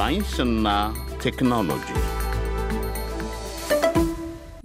ሳይንስና ቴክኖሎጂ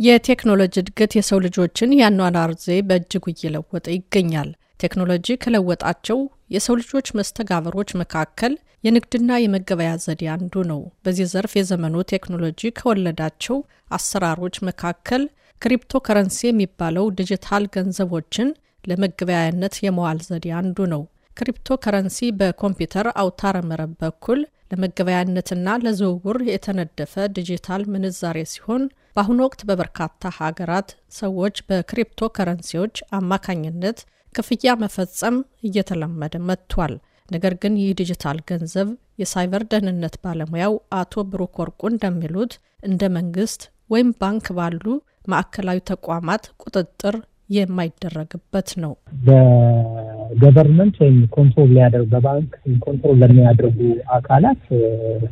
የቴክኖሎጂ እድገት የሰው ልጆችን የአኗኗር ዘዬ በእጅጉ እየለወጠ ይገኛል። ቴክኖሎጂ ከለወጣቸው የሰው ልጆች መስተጋበሮች መካከል የንግድና የመገበያ ዘዴ አንዱ ነው። በዚህ ዘርፍ የዘመኑ ቴክኖሎጂ ከወለዳቸው አሰራሮች መካከል ክሪፕቶከረንሲ የሚባለው ዲጂታል ገንዘቦችን ለመገበያያነት የመዋል ዘዴ አንዱ ነው። ክሪፕቶከረንሲ በኮምፒውተር አውታረ መረብ በኩል ለመገበያነትና ለዝውውር የተነደፈ ዲጂታል ምንዛሬ ሲሆን በአሁኑ ወቅት በበርካታ ሀገራት ሰዎች በክሪፕቶ ከረንሲዎች አማካኝነት ክፍያ መፈጸም እየተለመደ መጥቷል። ነገር ግን ይህ ዲጂታል ገንዘብ የሳይበር ደህንነት ባለሙያው አቶ ብሩክ ወርቁ እንደሚሉት እንደ መንግስት ወይም ባንክ ባሉ ማዕከላዊ ተቋማት ቁጥጥር የማይደረግበት ነው። ገቨርንመንት ወይም ኮንትሮል ሊያደርጉ በባንክ ኮንትሮል ለሚያደርጉ አካላት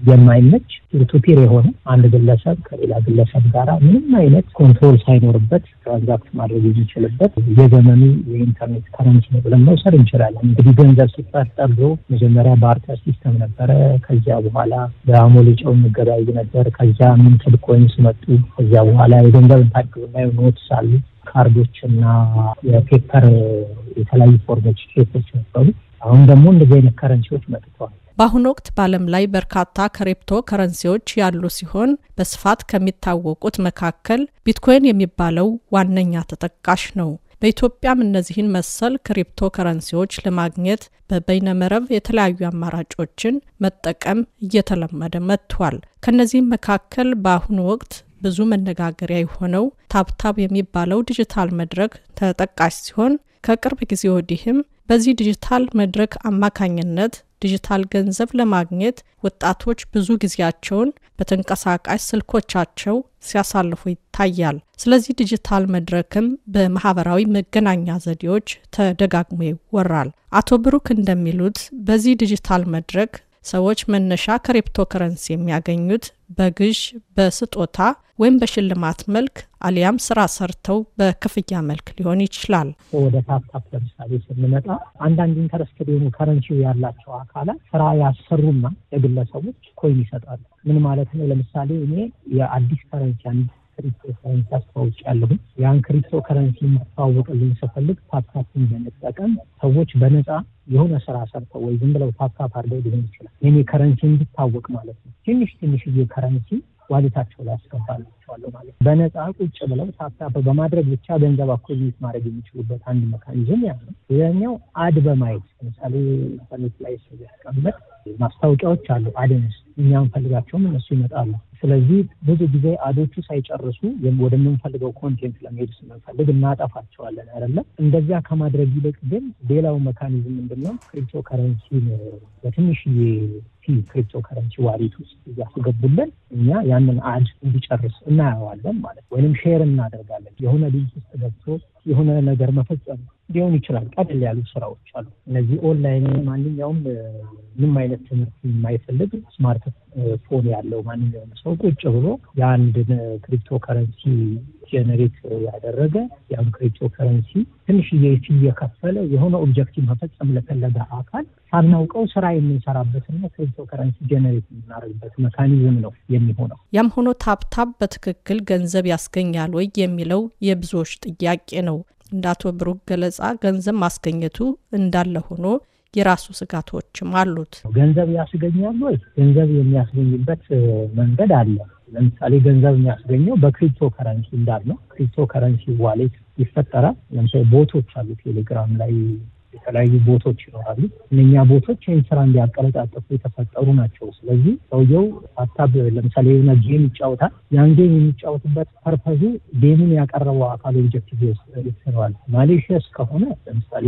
የማይመች ቱፒር የሆነ አንድ ግለሰብ ከሌላ ግለሰብ ጋራ ምንም አይነት ኮንትሮል ሳይኖርበት ትራንዛክት ማድረግ የሚችልበት የዘመኑ የኢንተርኔት ከረንሲ ነው ብለን መውሰድ እንችላለን። እንግዲህ ገንዘብ ሲፈጠር ድሮ መጀመሪያ ባርተር ሲስተም ነበረ። ከዚያ በኋላ በአሞሌ ጨው እንገበያይ ነበር። ከዚያ ምንትል ኮይንስ መጡ። ከዚያ በኋላ የገንዘብ ታቅብና ኖትስ አሉ። ካርዶች እና የፔፐር የተለያዩ ፎርሞች ቼኮች ነበሩ። አሁን ደግሞ እንደዚህ አይነት ከረንሲዎች መጥተዋል። በአሁኑ ወቅት በዓለም ላይ በርካታ ክሪፕቶ ከረንሲዎች ያሉ ሲሆን በስፋት ከሚታወቁት መካከል ቢትኮይን የሚባለው ዋነኛ ተጠቃሽ ነው። በኢትዮጵያም እነዚህን መሰል ክሪፕቶ ከረንሲዎች ለማግኘት በበይነመረብ የተለያዩ አማራጮችን መጠቀም እየተለመደ መጥቷል። ከእነዚህም መካከል በአሁኑ ወቅት ብዙ መነጋገሪያ የሆነው ታብታብ የሚባለው ዲጂታል መድረክ ተጠቃሽ ሲሆን ከቅርብ ጊዜ ወዲህም በዚህ ዲጂታል መድረክ አማካኝነት ዲጂታል ገንዘብ ለማግኘት ወጣቶች ብዙ ጊዜያቸውን በተንቀሳቃሽ ስልኮቻቸው ሲያሳልፉ ይታያል። ስለዚህ ዲጂታል መድረክም በማህበራዊ መገናኛ ዘዴዎች ተደጋግሞ ይወራል። አቶ ብሩክ እንደሚሉት በዚህ ዲጂታል መድረክ ሰዎች መነሻ ክሪፕቶ ከረንሲ የሚያገኙት በግዥ፣ በስጦታ ወይም በሽልማት መልክ አሊያም ስራ ሰርተው በክፍያ መልክ ሊሆን ይችላል። ወደ ታፕታፕ ለምሳሌ ስንመጣ አንዳንድ ኢንተረስትድ የሆኑ ከረንሲ ያላቸው አካላት ስራ ያሰሩና ለግለሰቦች ኮይን ይሰጣሉ። ምን ማለት ነው? ለምሳሌ እኔ የአዲስ ከረንሲ ክሪፕቶ ከረንሲ ያለሁ ያን ክሪፕቶ ከረንሲ እንድታዋወቅልኝ ስፈልግ ታፕታፕን በመጠቀም ሰዎች በነፃ የሆነ ስራ ሰርተው ወይ ዝም ብለው ታፕታፕ አድርገው ሊሆን ይችላል። የኔ ከረንሲ እንድታወቅ ማለት ነው። ትንሽ ትንሽዬ ከረንሲ ዋሌታቸው ላይ አስገባላቸዋለሁ ማለት ነው። በነፃ ቁጭ ብለው ታፕታፕ በማድረግ ብቻ ገንዘብ አኮዚት ማድረግ የሚችሉበት አንድ መካኒዝም ያ ነው። ሌላኛው አድ በማየት ለምሳሌ ኢንተርኔት ላይ ሰው ሲያስቀምጥ ማስታወቂያዎች አሉ። አድንስ እኛ እንፈልጋቸውም እነሱ ይመጣሉ። ስለዚህ ብዙ ጊዜ አዶቹ ሳይጨርሱ ወደምንፈልገው ኮንቴንት ለመሄድ ስንፈልግ እናጠፋቸዋለን አይደለም። እንደዚያ ከማድረግ ይልቅ ግን ሌላው መካኒዝም ምንድነው? ክሪፕቶ ከረንሲ በትንሽ ፊ ክሪፕቶ ከረንሲ ዋሌት ውስጥ እያስገቡልን እኛ ያንን አድ እንዲጨርስ እናየዋለን ማለት ወይም ሼር እናደርጋለን። የሆነ ልጅ ውስጥ ገብቶ የሆነ ነገር መፈጸም ሊሆን ይችላል። ቀደል ያሉ ስራዎች አሉ። እነዚህ ኦንላይን ማንኛውም ምንም አይነት ትምህርት የማይፈልግ ስማርት ፎን ያለው ማንኛውም ሰው ቁጭ ብሎ የአንድን ክሪፕቶ ከረንሲ ጀነሬት ያደረገ ያን ክሪፕቶ ከረንሲ ትንሽዬ እየከፈለ የሆነ ኦብጀክቲቭ መፈጸም ለፈለገ አካል ሳናውቀው ስራ የምንሰራበትና ክሪፕቶ ከረንሲ ጀነሬት የምናደርግበት መካኒዝም ነው የሚሆነው። ያም ሆኖ ታፕታፕ በትክክል ገንዘብ ያስገኛል ወይ የሚለው የብዙዎች ጥያቄ ነው። እንደ አቶ ብሩክ ገለጻ ገንዘብ ማስገኘቱ እንዳለ ሆኖ የራሱ ስጋቶችም አሉት። ገንዘብ ያስገኛል ወይ? ገንዘብ የሚያስገኝበት መንገድ አለ። ለምሳሌ ገንዘብ የሚያስገኘው በክሪፕቶ ከረንሲ ነው። ክሪፕቶ ከረንሲ ዋሌት ይፈጠራል። ለምሳሌ ቦቶች አሉ ቴሌግራም ላይ የተለያዩ ቦቶች ይኖራሉ። እነኛ ቦቶች ይህን ስራ እንዲያቀለጣጠፉ የተፈጠሩ ናቸው። ስለዚህ ሰውየው ሀሳብ ለምሳሌ የሆነ ጌም ይጫወታል። ያን ጌም የሚጫወትበት ፐርፐዙ ጌምን ያቀረበው አካል ኦብጀክቲቭ ይስረዋል። ማሌሽየስ ከሆነ ለምሳሌ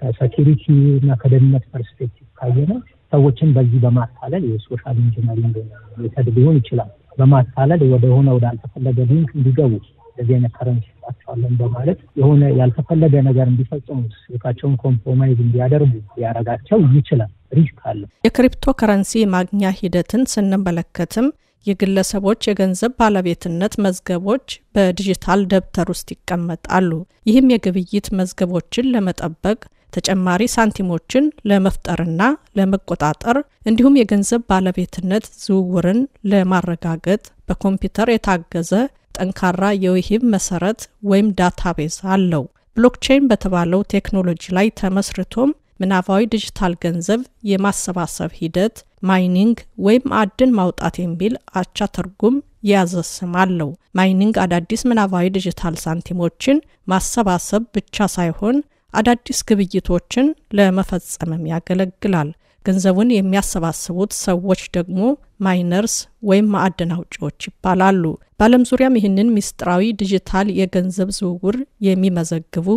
ከሴኪሪቲ እና ከደህንነት ፐርስፔክቲቭ ካየነ ሰዎችን በዚህ በማታለል የሶሻል ኢንጂነሪንግ ሜተድ ሊሆን ይችላል በማታለል ወደሆነ ወዳልተፈለገ ሊንክ እንዲገቡ እንደዚህ አይነት ከረንስ ይሰጣቸዋለን በማለት የሆነ ያልተፈለገ ነገር እንዲፈጽሙ ስልካቸውን ኮምፕሮማይዝ እንዲያደርጉ ያረጋቸው ይችላል። ሪስክ አለ። የክሪፕቶ ከረንሲ ማግኛ ሂደትን ስንመለከትም የግለሰቦች የገንዘብ ባለቤትነት መዝገቦች በዲጂታል ደብተር ውስጥ ይቀመጣሉ። ይህም የግብይት መዝገቦችን ለመጠበቅ ተጨማሪ ሳንቲሞችን ለመፍጠርና ለመቆጣጠር እንዲሁም የገንዘብ ባለቤትነት ዝውውርን ለማረጋገጥ በኮምፒውተር የታገዘ ጠንካራ የውሂብ መሰረት ወይም ዳታቤዝ አለው። ብሎክቼን በተባለው ቴክኖሎጂ ላይ ተመስርቶም ምናባዊ ዲጂታል ገንዘብ የማሰባሰብ ሂደት ማይኒንግ ወይም አድን ማውጣት የሚል አቻ ትርጉም የያዘ ስም አለው። ማይኒንግ አዳዲስ ምናባዊ ዲጂታል ሳንቲሞችን ማሰባሰብ ብቻ ሳይሆን አዳዲስ ግብይቶችን ለመፈጸምም ያገለግላል። ገንዘቡን የሚያሰባስቡት ሰዎች ደግሞ ማይነርስ ወይም ማዕድን አውጪዎች ይባላሉ። በዓለም ዙሪያም ይህንን ምስጢራዊ ዲጂታል የገንዘብ ዝውውር የሚመዘግቡ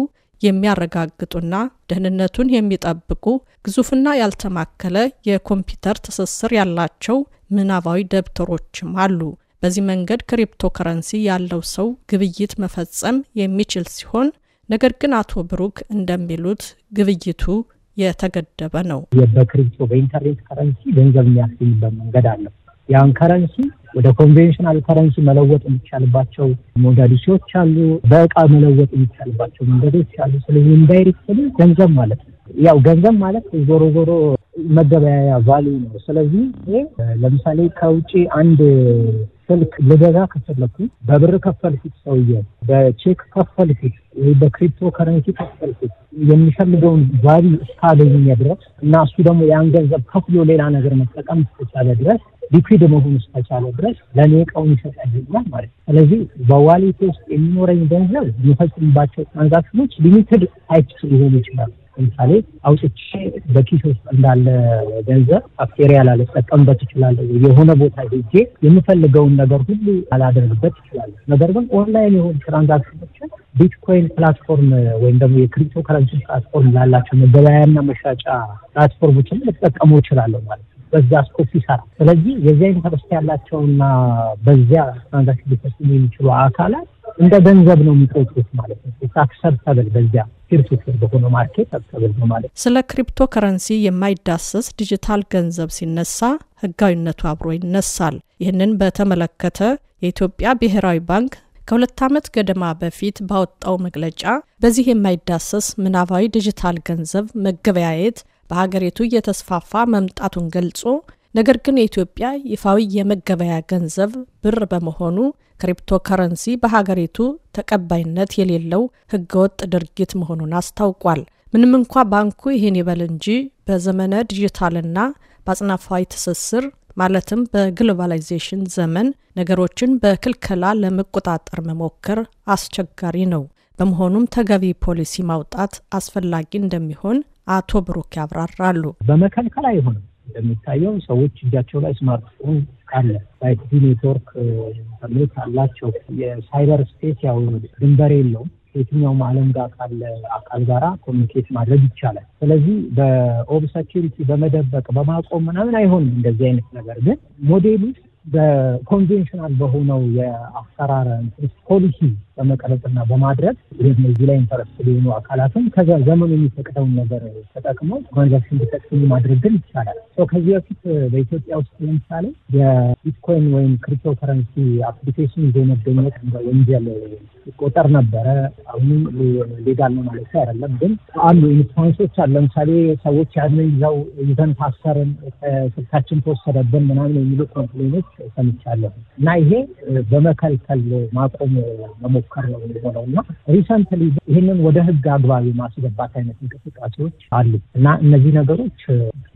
የሚያረጋግጡና ደህንነቱን የሚጠብቁ ግዙፍና ያልተማከለ የኮምፒውተር ትስስር ያላቸው ምናባዊ ደብተሮችም አሉ። በዚህ መንገድ ክሪፕቶ ከረንሲ ያለው ሰው ግብይት መፈጸም የሚችል ሲሆን ነገር ግን አቶ ብሩክ እንደሚሉት ግብይቱ የተገደበ ነው። በክሪፕቶ በኢንተርኔት ከረንሲ ገንዘብ የሚያስገኝበት መንገድ አለ። ያን ከረንሲ ወደ ኮንቬንሽናል ከረንሲ መለወጥ የሚቻልባቸው ሞዳሊቲዎች አሉ። በእቃ መለወጥ የሚቻልባቸው መንገዶች አሉ። ስለዚህ ኢንዳይሬክት ገንዘብ ማለት ነው። ያው ገንዘብ ማለት ዞሮ ዞሮ መገበያያ ቫሉ ነው። ስለዚህ ይሄ ለምሳሌ ከውጭ አንድ ስልክ ልገዛ ከፈለኩ በብር ከፈልኩት ሰውዬ በቼክ ከፈልኩት፣ በክሪፕቶ ከረንሲ ከፈልኩት የሚፈልገውን ዛቢ እስካገኘ ድረስ እና እሱ ደግሞ ያን ገንዘብ ከፍሎ ሌላ ነገር መጠቀም እስከቻለ ድረስ ሊኩድ መሆን እስከቻለ ድረስ ለእኔ እቃውን ይሰጣል ይላል ማለት ነው። ስለዚህ በዋሌት ውስጥ የሚኖረኝ ገንዘብ የሚፈጽምባቸው ትራንዛክሽኖች ሊሚትድ ታይፕስ ሊሆኑ ይችላሉ። ለምሳሌ አውጥቼ በኪስ ውስጥ እንዳለ ገንዘብ ካፍቴሪያ ላለጠቀምበት እችላለሁ። የሆነ ቦታ ሄጄ የምፈልገውን ነገር ሁሉ አላደርግበት እችላለሁ። ነገር ግን ኦንላይን የሆኑ ትራንዛክሽኖችን ቢትኮይን ፕላትፎርም ወይም ደግሞ የክሪፕቶ ከረንሲ ፕላትፎርም ላላቸው መገበያያና መሻጫ ፕላትፎርሞችን ልጠቀሙ እችላለሁ ማለት ነው። በዛ ስኮፕ ይሰራል። ስለዚህ የዚያ ኢንተረስት ያላቸውና በዚያ ትራንዛክሽን ሊፈጽሙ የሚችሉ አካላት እንደ ገንዘብ ነው የሚቆጥሩት ማለት ነው። አክሰብተብል በዚያ ፒርቱፒር በሆነ ማርኬት አክሰብል ነው ማለት ስለ ክሪፕቶ ከረንሲ የማይዳሰስ ዲጂታል ገንዘብ ሲነሳ ህጋዊነቱ አብሮ ይነሳል። ይህንን በተመለከተ የኢትዮጵያ ብሔራዊ ባንክ ከሁለት ዓመት ገደማ በፊት ባወጣው መግለጫ በዚህ የማይዳሰስ ምናባዊ ዲጂታል ገንዘብ መገበያየት በሀገሪቱ እየተስፋፋ መምጣቱን ገልጾ ነገር ግን የኢትዮጵያ ይፋዊ የመገበያ ገንዘብ ብር በመሆኑ ክሪፕቶ ከረንሲ በሀገሪቱ ተቀባይነት የሌለው ህገወጥ ድርጊት መሆኑን አስታውቋል። ምንም እንኳ ባንኩ ይህን ይበል እንጂ በዘመነ ዲጂታልና በአጽናፋዊ ትስስር ማለትም በግሎባላይዜሽን ዘመን ነገሮችን በክልከላ ለመቆጣጠር መሞከር አስቸጋሪ ነው። በመሆኑም ተገቢ ፖሊሲ ማውጣት አስፈላጊ እንደሚሆን አቶ ብሩክ ያብራራሉ። በመከልከል አይሆንም። እንደሚታየው ሰዎች እጃቸው ላይ ስማርትፎን አለ፣ ፋይቭጂ ኔትወርክ ኢንተርኔት አላቸው። የሳይበር ስፔስ ያው ድንበር የለውም። ከየትኛውም ዓለም ጋር ካለ አካል ጋራ ኮሚኒኬት ማድረግ ይቻላል። ስለዚህ በኦብ ሴኪሪቲ በመደበቅ በማቆም ምናምን አይሆንም እንደዚህ አይነት ነገር ግን ውስጥ በኮንቬንሽናል በሆነው የአሰራር ፖሊሲ በመቀረጽና በማድረግ እዚህ ላይ ኢንተረስት ሊሆኑ አካላትም ከዛ ዘመኑ የሚፈቅደውን ነገር ተጠቅመው ትራንዛክሽን ዲቴክሽን ማድረግ ግን ይቻላል። ከዚህ በፊት በኢትዮጵያ ውስጥ ለምሳሌ የቢትኮይን ወይም ክሪፕቶ ከረንሲ አፕሊኬሽን ይዞ መገኘት እንደ ወንጀል ይቆጠር ነበረ። አሁንም ሌጋል ነው ማለት አይደለም፣ ግን አሉ ኢንስታንሶች አሉ። ለምሳሌ ሰዎች ያንን ይዘው ይዘን ታሰርን፣ ስልካችን ተወሰደብን ምናምን የሚሉ ኮምፕሌኖች ሰምቻለሁ እና ይሄ በመከልከል ማቆም መሞከር ነው የሆነው እና ሪሰንትሊ ይህንን ወደ ህግ አግባቢ ማስገባት አይነት እንቅስቃሴዎች አሉ እና እነዚህ ነገሮች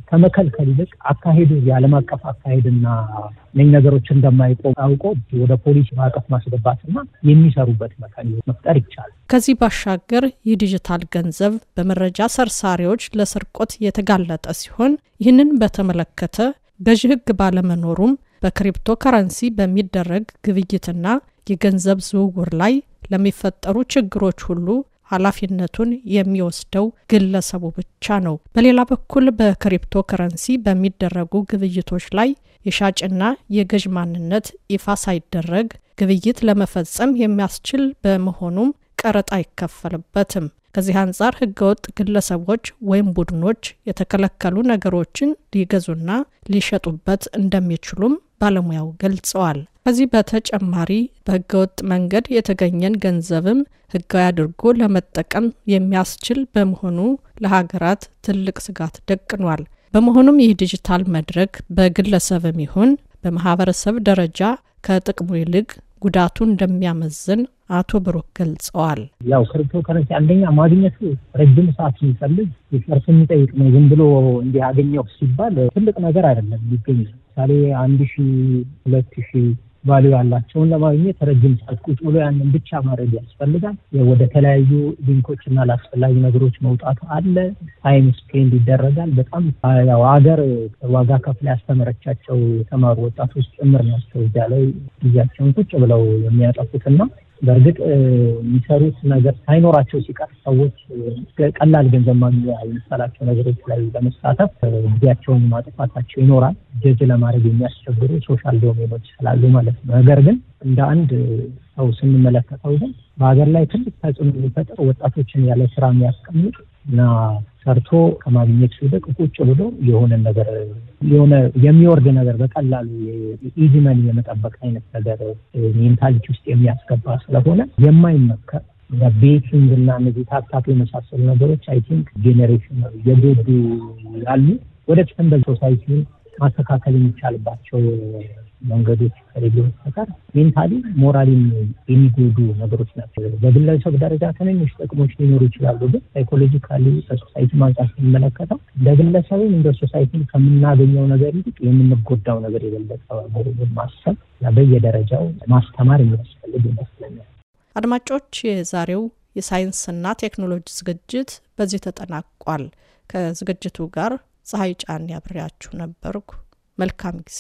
ከመከልከል ይልቅ አካሄዱ የዓለም አቀፍ አካሄድና ነኝ ነገሮች እንደማይቆም አውቆ ወደ ፖሊሲ ማዕቀፍ ማስገባትና የሚሰሩበት መካኒዝም መፍጠር ይቻላል። ከዚህ ባሻገር የዲጂታል ገንዘብ በመረጃ ሰርሳሪዎች ለስርቆት የተጋለጠ ሲሆን ይህንን በተመለከተ ገዢ ህግ ባለመኖሩም በክሪፕቶ ከረንሲ በሚደረግ ግብይትና የገንዘብ ዝውውር ላይ ለሚፈጠሩ ችግሮች ሁሉ ኃላፊነቱን የሚወስደው ግለሰቡ ብቻ ነው። በሌላ በኩል በክሪፕቶ ከረንሲ በሚደረጉ ግብይቶች ላይ የሻጭና የገዥ ማንነት ይፋ ሳይደረግ ግብይት ለመፈጸም የሚያስችል በመሆኑም ቀረጥ አይከፈልበትም። ከዚህ አንጻር ህገወጥ ግለሰቦች ወይም ቡድኖች የተከለከሉ ነገሮችን ሊገዙና ሊሸጡበት እንደሚችሉም ባለሙያው ገልጸዋል። ከዚህ በተጨማሪ በህገወጥ መንገድ የተገኘን ገንዘብም ህጋዊ አድርጎ ለመጠቀም የሚያስችል በመሆኑ ለሀገራት ትልቅ ስጋት ደቅኗል። በመሆኑም ይህ ዲጂታል መድረክ በግለሰብም ይሁን በማህበረሰብ ደረጃ ከጥቅሙ ይልቅ ጉዳቱ እንደሚያመዝን አቶ ብሩክ ገልጸዋል። ያው ክሪፕቶ ከረንሲ አንደኛ ማግኘቱ ረጅም ሰዓት የሚፈልግ ሪሰርች የሚጠይቅ ነው። ዝም ብሎ እንዲህ አገኘው ሲባል ትልቅ ነገር አይደለም። ሊገኝ ምሳሌ አንድ ሺ ሁለት ሺ ቫሊዩ ያላቸውን ለማግኘት ረጅም ሰዓት ቁጭ ብሎ ያንን ብቻ ማድረግ ያስፈልጋል። ወደ ተለያዩ ሊንኮች እና ለአስፈላጊ ነገሮች መውጣቱ አለ። ታይም ስፔንድ ይደረጋል። በጣም ያው ሀገር ዋጋ ከፍለ ያስተመረቻቸው የተማሩ ወጣቶች ጭምር ናቸው እዚያ ላይ ጊዜያቸውን ቁጭ ብለው የሚያጠፉትና በእርግጥ የሚሰሩት ነገር ሳይኖራቸው ሲቀር ሰዎች ቀላል ገንዘብ ማግኛ የመሰላቸው ነገሮች ላይ ለመሳተፍ ጊዜያቸውን ማጥፋታቸው ይኖራል። ጀጅ ለማድረግ የሚያስቸግሩ ሶሻል ዶሜኖች ስላሉ ማለት ነው። ነገር ግን እንደ አንድ ሰው ስንመለከተው ግን በሀገር ላይ ትልቅ ተጽዕኖ የሚፈጥር ወጣቶችን ያለ ስራ የሚያስቀምጥ እና ሰርቶ ከማግኘት ሲልቅ ቁጭ ብሎ የሆነ ነገር የሆነ የሚወርድ ነገር በቀላሉ ኢዝመን የመጠበቅ አይነት ነገር ሜንታሊቲ ውስጥ የሚያስገባ ስለሆነ የማይመከር ቤቲንግ እና እነዚህ ታክታክ የመሳሰሉ ነገሮች አይ ቲንክ ጄኔሬሽን የጎዱ ያሉ ወደፊትም በሶሳይቲውን ማስተካከል የሚቻልባቸው መንገዶች ከሌሎ በስተቀር ሜንታሊ ሞራሊን የሚጎዱ ነገሮች ናቸው። በግለሰብ ደረጃ ትንንሽ ጥቅሞች ሊኖሩ ይችላሉ፣ ግን ሳይኮሎጂካሊ ከሶሳይቲ ማንጻር ስንመለከተው ለግለሰብም እንደ ሶሳይቲ ከምናገኘው ነገር ይልቅ የምንጎዳው ነገር የበለጠ መሆኑን ማሰብ በየደረጃው ማስተማር የሚያስፈልግ ይመስለኛል። አድማጮች፣ የዛሬው የሳይንስና ቴክኖሎጂ ዝግጅት በዚህ ተጠናቋል። ከዝግጅቱ ጋር ፀሐይ ጫን ያብሬያችሁ ነበርኩ። መልካም ጊዜ